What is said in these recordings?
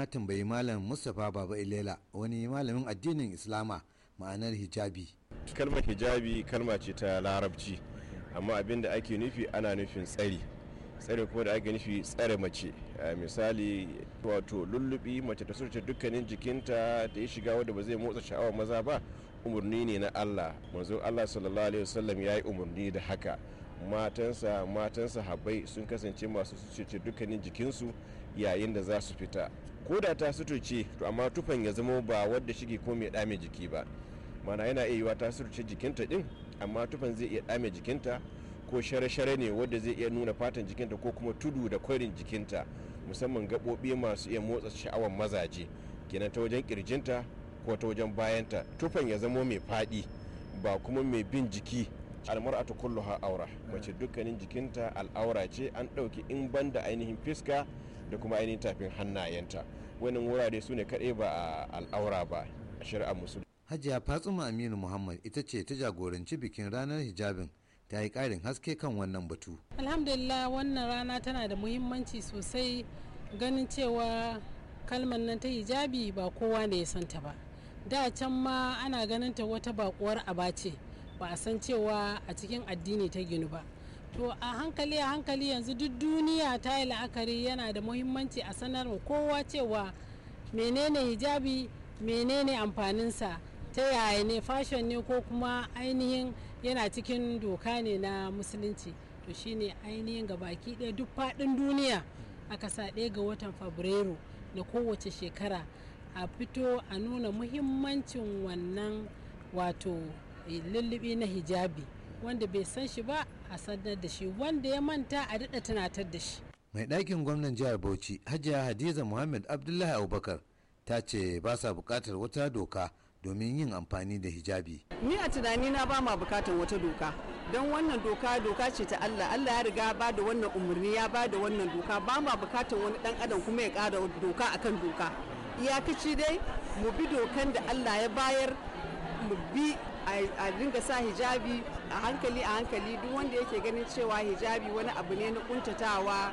na tambayi malam mustapha baba ilela wani malamin addinin islama ma'anar hijabi kalmar hijabi kalma ce ta larabci amma abin da ake nufi ana nufin tsari tsari kuma da ake nufi tsare mace misali wato lullubi mace ta surce dukkanin jikinta da ya shiga wanda ba zai motsa sha'awar maza ba umarni ne na allah manzo allah sallallahu alaihi wasallam ya yi umarni da haka matansa matansa habai sun kasance masu surce dukkanin jikinsu yayin da za su fita ko da ta ce to amma tufan ya zama ba wadda shige ko mai dame jiki ba mana yana iya yiwa ta suturce jikinta din amma tufan zai iya dame jikinta ko share-share ne wadda zai iya nuna fatan jikinta ko kuma tudu da kwarin jikinta musamman gaɓoɓi masu iya motsa sha'awar mazaje kenan ta wajen kirjinta ko ta wajen bayanta tufan ya zama mai faɗi ba kuma mai bin jiki a kulluha aura mace dukkanin jikinta al'aura ce an ɗauki in banda ainihin fiska da kuma ainihin tafin hannayenta wannan wurare su ne kaɗai ba a al'aura ba a shari'ar musulmi hajiya fatsuma aminu muhammad ita ce ta jagoranci bikin ranar hijabin ta yi ƙarin haske kan wannan batu alhamdulillah wannan rana tana da muhimmanci sosai ganin cewa kalmar nan ta hijabi ba kowa ne ya santa ba da can ma ana ganin ta wata bakuwar aba ba a san cewa a cikin addini ta ginu ba to a hankali a hankali yanzu duk duniya ta yi la'akari yana da muhimmanci a sanarwa kowa cewa menene hijabi menene amfaninsa ta yaya ne fashon ne ko kuma ainihin yana cikin doka ne na musulunci to shine ainihin ga baki ɗaya duk faɗin duniya aka sa ɗaya ga watan fabrairu na kowace shekara a fito a nuna muhimmancin wannan wato eh, lullubi na hijabi wanda bai san shi ba a sanar da shi wanda ya manta a daɗa tunatar da shi mai ɗakin gwamnan jihar bauchi hajiya hadiza muhammad abdullahi abubakar ta ce ba sa buƙatar wata doka domin yin amfani da hijabi ni a tunani na ba ma buƙatar wata doka don wannan doka doka ce ta Allah Allah ya riga ba da wannan umarni ya ba da wannan doka ba ma buƙatar wani dan adam kuma ya ƙara doka akan doka iyakaci dai mu bi dokan da Allah ya bayar mu bi a dinga sa hijabi a hankali a hankali duk wanda yake ganin cewa hijabi wani abu ne na kuntatawa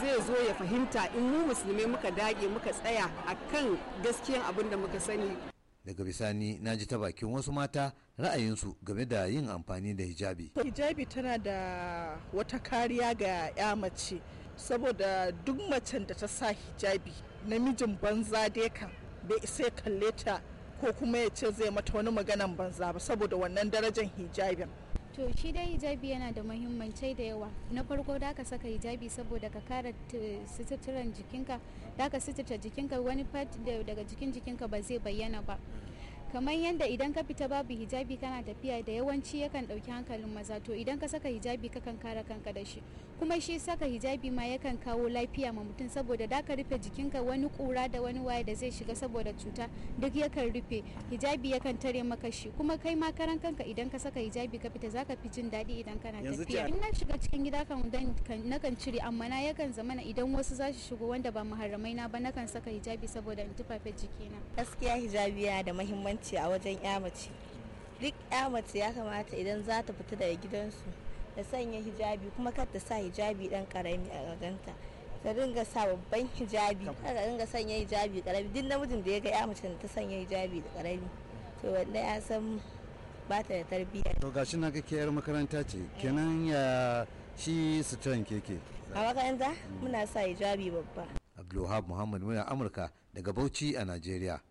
zai zo ya fahimta in mu musulmai muka dage muka tsaya a kan gaskiyan abin da muka sani daga bisani na ji ta bakin wasu mata ra'ayinsu game da yin amfani da hijabi hijabi tana da wata kariya ga ya mace saboda duk macen da ta sa hijabi namijin banza dai kan bai isa kalle ta ko kuma ya ce zai mata wani maganan banza ba saboda wannan darajar hijabin to shi dai hijabi yana da muhimmanci da yawa na farko da ka saka hijabi saboda ka kare eh, suturan jikinka da ka sutura jikinka wani part daga jikin jikinka ba zai bayyana ba kamar yadda idan ka fita babu hijabi kana tafiya da yawanci yakan ɗauki hankalin maza to idan ka saka hijabi ka kan kare kanka da shi kuma shi saka hijabi ma yakan kawo lafiya ma mutum saboda da ka rufe jikinka wani kura da wani waye da zai shiga saboda cuta duk yakan rufe hijabi yakan tare maka shi kuma kai ma karan kanka idan ka saka hijabi ka fita zaka fi jin daɗi idan kana tafiya in na shiga cikin gida kan nakan cire amma na yakan zamana idan wasu za su shigo wanda ba muharramai na ba nakan saka hijabi saboda in tufafe jikina gaskiya hijabi yana da muhimmanci ce a wajen ya mace duk ya mace ya kamata idan za ta fita daga gidansu da sanya hijabi kuma kar ta sa hijabi dan karami a gaganta ta dinga sa babban hijabi ta dinga sanya hijabi karami duk namijin da ya ga ya mace ta sanya hijabi da karami to wanda ya san ba ta da tarbiyya to gashi na kake yar makaranta ce eh. kenan ya shi sutan keke a makaranta mm. muna sa hijabi babba Abdulwahab Muhammad muna Amurka daga Bauchi a Najeriya